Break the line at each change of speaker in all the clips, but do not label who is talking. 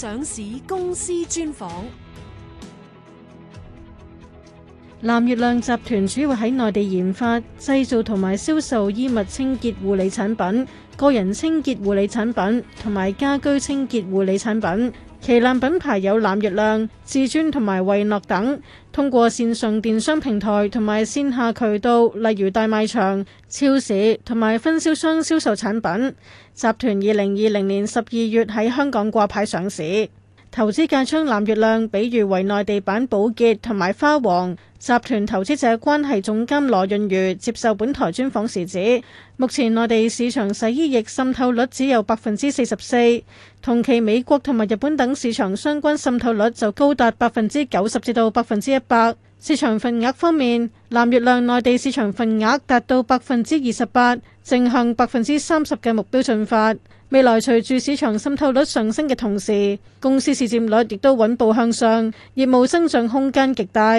上市公司專訪。藍月亮集團主要喺內地研發、製造同埋銷售衣物清潔護理產品、個人清潔護理產品同埋家居清潔護理產品。旗艦品牌有藍月亮、至尊同埋衛諾等，通過線上電商平台同埋線下渠道，例如大賣場、超市同埋分銷商銷售產品。集團二零二零年十二月喺香港掛牌上市。投資界將藍月亮比喻為內地版寶潔同埋花王。集團投資者關係總監羅潤瑜接受本台專訪時指，目前內地市場洗衣液滲透率只有百分之四十四，同期美國同埋日本等市場相關滲透率就高達百分之九十至到百分之一百。市場份額方面，藍月亮內地市場份額達到百分之二十八，正向百分之三十嘅目標進發。未來隨住市場滲透率上升嘅同時，公司市佔率亦都穩步向上，業務增長空間極大。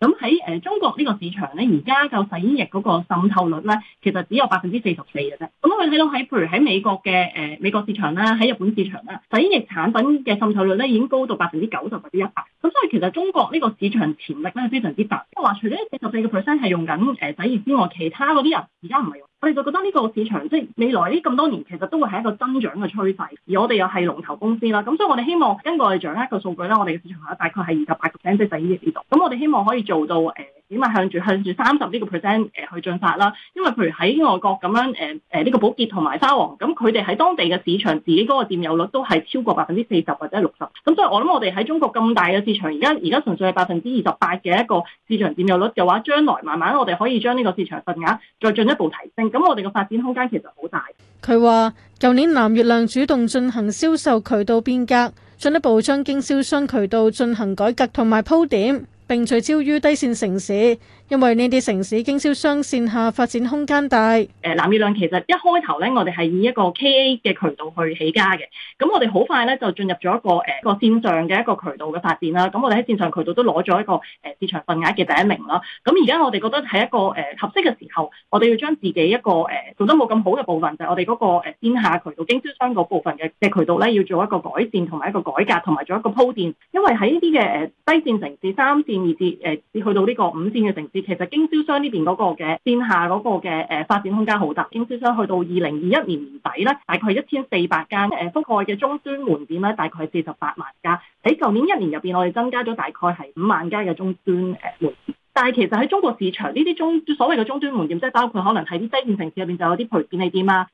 咁喺誒中國呢個市場咧，而家就洗衣液嗰個滲透率咧，其實只有百分之四十四嘅啫。咁我哋睇到喺譬如喺美國嘅誒，呃、美國市場啦，喺日本市場啦，洗衣液產品嘅滲透率咧已經高到百分之九十或者一百。咁所以其實中國呢個市場潛力咧係非常之大，即係話除咗四十四個 percent 係用緊誒洗衣之外，其他嗰啲人而家唔係用。我哋就覺得呢個市場即係未來呢咁多年，其實都會係一個增長嘅趨勢，而我哋又係龍頭公司啦。咁所以，我哋希望根據我哋掌握嘅數據咧，我哋嘅市場係大概係二十八個 percent，即係喺呢度。咁、就是、我哋希望可以做到誒。Uh, 只咪向住向住三十呢個 percent 誒去進發啦，因為譬如喺外國，咁樣誒誒呢個寶潔同埋花王，咁佢哋喺當地嘅市場自己嗰個佔有率都係超過百分之四十或者六十，咁所以我諗我哋喺中國咁大嘅市場，而家而家純粹係百分之二十八嘅一個市場佔有率嘅話，將來慢慢我哋可以將呢個市場份額再進一步提升，咁我哋嘅發展空間其實好大。
佢話：舊年藍月亮主動進行銷售渠道變革，進一步將經銷商渠道進行改革同埋鋪點。並聚焦於低線城市。因為呢啲城市經銷商線下發展空間大，
誒藍月亮其實一開頭咧，我哋係以一個 KA 嘅渠道去起家嘅，咁我哋好快咧就進入咗一個誒個線上嘅一個渠道嘅發展啦。咁我哋喺線上渠道都攞咗一個誒市場份額嘅第一名啦。咁而家我哋覺得係一個誒合適嘅時候，我哋要將自己一個誒做得冇咁好嘅部分，就係我哋嗰個誒線下渠道經銷商嗰部分嘅嘅渠道咧，要做一個改善同埋一個改革，同埋做一個鋪墊。因為喺呢啲嘅誒低線城市、三線、二線誒至去到呢個五線嘅城市。其實經銷商呢邊嗰個嘅線下嗰個嘅誒發展空間好大，經銷商去到二零二一年底咧，大概一千四百間誒覆蓋嘅終端門店咧，大概係四十八萬家。喺舊年一年入邊，我哋增加咗大概係五萬家嘅終端誒門店。但係其實喺中國市場呢啲中所謂嘅終端門店，即係包括可能喺啲低線城市入邊就有啲譬如便利店啊，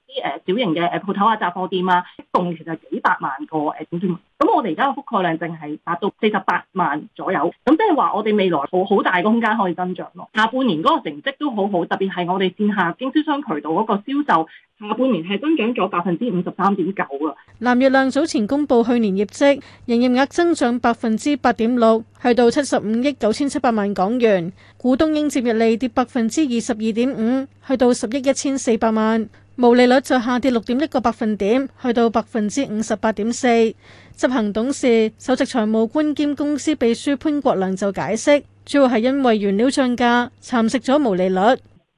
啲誒小型嘅誒鋪頭啊、雜貨店啊，一共其實係幾百萬個誒終端門。咁我哋而家嘅覆蓋量淨係達到四十八萬左右，咁即係話我哋未來好好大個空間可以增長咯。下半年嗰個成績都好好，特別係我哋線下經銷商渠道嗰個銷售，下半年係增長咗百分之五十三點九啊。藍月亮早前公
布去年業績，營業額增長百分之八點六，去到七十五億九千七百萬港元，股東應佔溢利跌百分之二十二點五，去到十億一千四百萬。毛利率就下跌六點一個百分點，去到百分之五十八點四。執行董事、首席財務官兼公司秘書潘國良就解釋，主要係因為原料漲價，蠶食咗毛利率。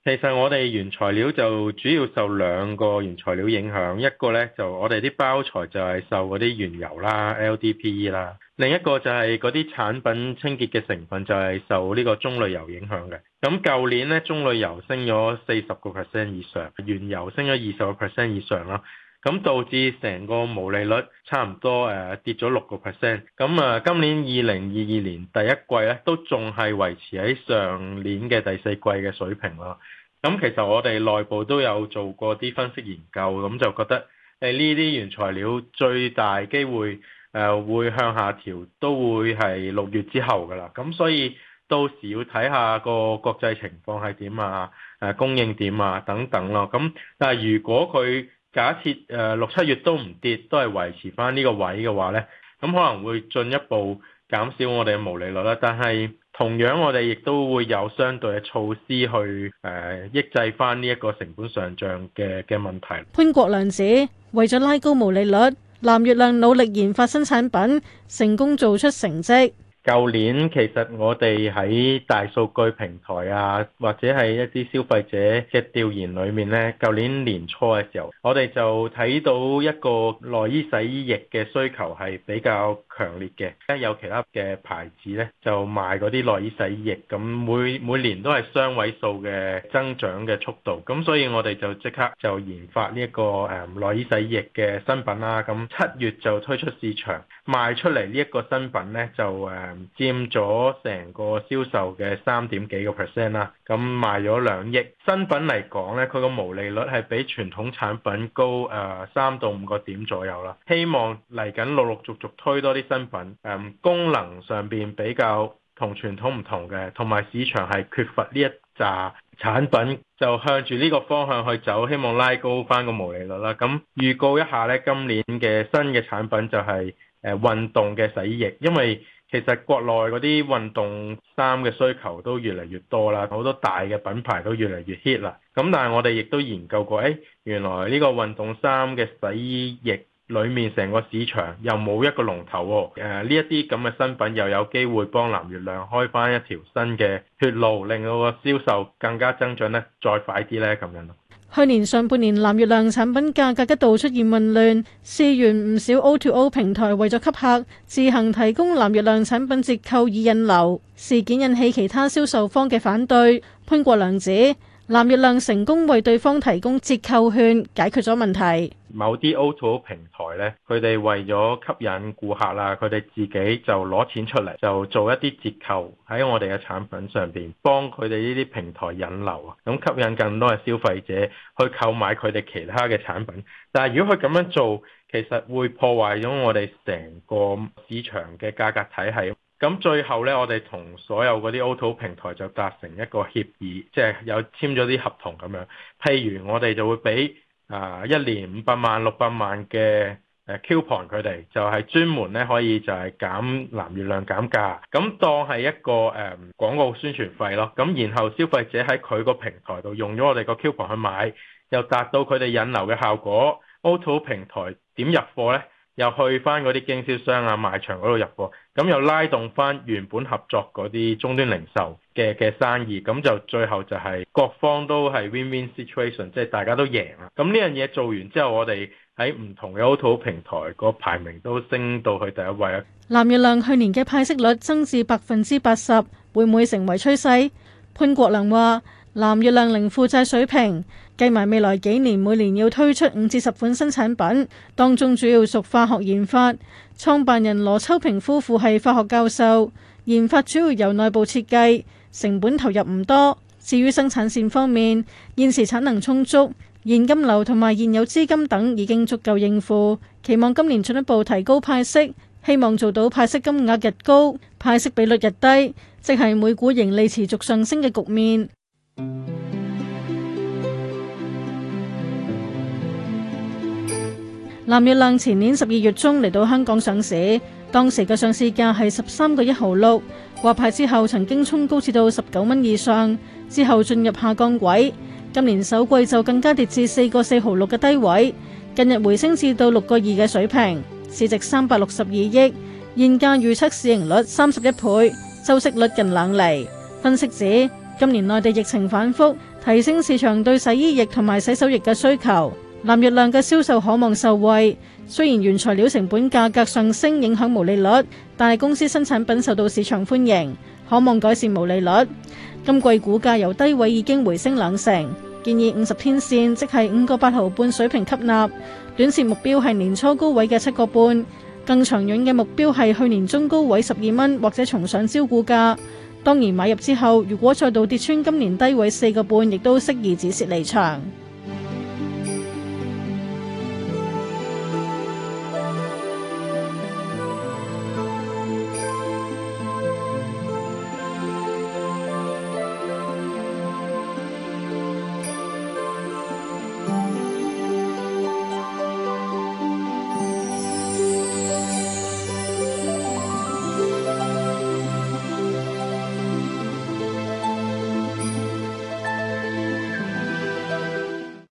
其實我哋原材料就主要受兩個原材料影響，一個咧就我哋啲包材就係受嗰啲原油啦、LDPE 啦，另一個就係嗰啲產品清潔嘅成分就係受呢個棕櫚油影響嘅。咁舊年咧棕櫚油升咗四十個 percent 以上，原油升咗二十個 percent 以上啦，咁導致成個毛利率差唔多誒跌咗六個 percent。咁啊，今年二零二二年第一季咧都仲係維持喺上年嘅第四季嘅水平咯。咁其實我哋內部都有做過啲分析研究，咁就覺得誒呢啲原材料最大機會誒、呃、會向下調，都會係六月之後㗎喇。咁所以到時要睇下個國際情況係點啊，誒供應點啊等等咯。咁但係如果佢假設誒六七月都唔跌，都係維持返呢個位嘅話咧，咁可能會進一步。減少我哋嘅毛利率啦，但係同樣我哋亦都會有相對嘅措施去誒、呃、抑制翻呢一個成本上漲嘅嘅問題。
潘國亮指，為咗拉高毛利率，藍月亮努力研發新產品，成功做出成績。
舊年其實我哋喺大數據平台啊，或者係一啲消費者嘅調研裏面呢，舊年年初嘅時候，我哋就睇到一個內衣洗衣液嘅需求係比較。強烈嘅，一有其他嘅牌子咧，就賣嗰啲內衣洗液，咁每每年都係雙位數嘅增長嘅速度，咁所以我哋就即刻就研發呢一個誒內衣洗液嘅新品啦，咁七月就推出市場，賣出嚟呢一個新品咧就誒佔咗成個銷售嘅三點幾個 percent 啦，咁賣咗兩億，新品嚟講咧，佢個毛利率係比傳統產品高誒三到五個點左右啦，希望嚟緊陸陸續續推多啲。新品，誒功能上邊比較同傳統唔同嘅，同埋市場係缺乏呢一紮產品，就向住呢個方向去走，希望拉高翻個毛利率啦。咁預告一下呢，今年嘅新嘅產品就係、是、誒、呃、運動嘅洗衣液，因為其實國內嗰啲運動衫嘅需求都越嚟越多啦，好多大嘅品牌都越嚟越 hit 啦。咁但係我哋亦都研究過，誒、哎、原來呢個運動衫嘅洗衣液。裏面成個市場又冇一個龍頭，誒呢一啲咁嘅新品又有機會幫藍月亮開翻一條新嘅血路，令到個銷售更加增長咧，再快啲咧咁樣。
去年上半年藍月亮產品價格一度出現混亂，事緣唔少 O2O 平台為咗吸客，自行提供藍月亮產品折扣以引流。事件引起其他銷售方嘅反對。潘國良指藍月亮成功為對方提供折扣券，解決咗問題。
某啲 O2O 平台咧，佢哋為咗吸引顧客啦，佢哋自己就攞錢出嚟，就做一啲折扣喺我哋嘅產品上邊，幫佢哋呢啲平台引流啊，咁吸引更多嘅消費者去購買佢哋其他嘅產品。但係如果佢咁樣做，其實會破壞咗我哋成個市場嘅價格體系。咁最後咧，我哋同所有嗰啲 O2O 平台就達成一個協議，即係有簽咗啲合同咁樣，譬如我哋就會俾。啊，一、uh, 年五百萬、六百萬嘅誒 coupon，uh, 佢哋就係專門咧可以就係減藍月亮減價，咁當係一個誒、um, 廣告宣傳費咯。咁然後消費者喺佢個平台度用咗我哋個 coupon 去買，又達到佢哋引流嘅效果。Auto 平台點入貨咧？又去翻嗰啲經銷商啊、賣場嗰度入貨，咁又拉動翻原本合作嗰啲終端零售嘅嘅生意，咁就最後就係各方都係 win-win situation，即係大家都贏啦。咁呢樣嘢做完之後，我哋喺唔同嘅 outlet 平台個排名都升到去第一位啊。
藍月亮去年嘅派息率增至百分之八十，會唔會成為趨勢？潘國良話。藍月亮零負債水平，計埋未來幾年每年要推出五至十款新產品，當中主要屬化學研發。創辦人羅秋平夫婦係化學教授，研發主要由內部設計，成本投入唔多。至於生產線方面，現時產能充足，現金流同埋現有資金等已經足夠應付。期望今年進一步提高派息，希望做到派息金額日高，派息比率日低，即係每股盈利持續上升嘅局面。藍月亮前年十二月中嚟到香港上市，當時嘅上市價係十三個一毫六，掛牌之後曾經衝高至到十九蚊以上，之後進入下降軌。今年首季就更加跌至四個四毫六嘅低位，近日回升至到六個二嘅水平，市值三百六十二億，現價預測市盈率三十一倍，周息率，率近冷嚟。分析指，今年內地疫情反覆，提升市場對洗衣液同埋洗手液嘅需求，藍月亮嘅銷售可望受惠。雖然原材料成本價格上升影響毛利率，但係公司新產品受到市場歡迎，可望改善毛利率。今季股價由低位已經回升兩成，建議五十天線即係五個八毫半水平吸納，短線目標係年初高位嘅七個半，更長遠嘅目標係去年中高位十二蚊或者重上招股價。當然買入之後，如果再度跌穿今年低位四個半，亦都適宜止蝕離場。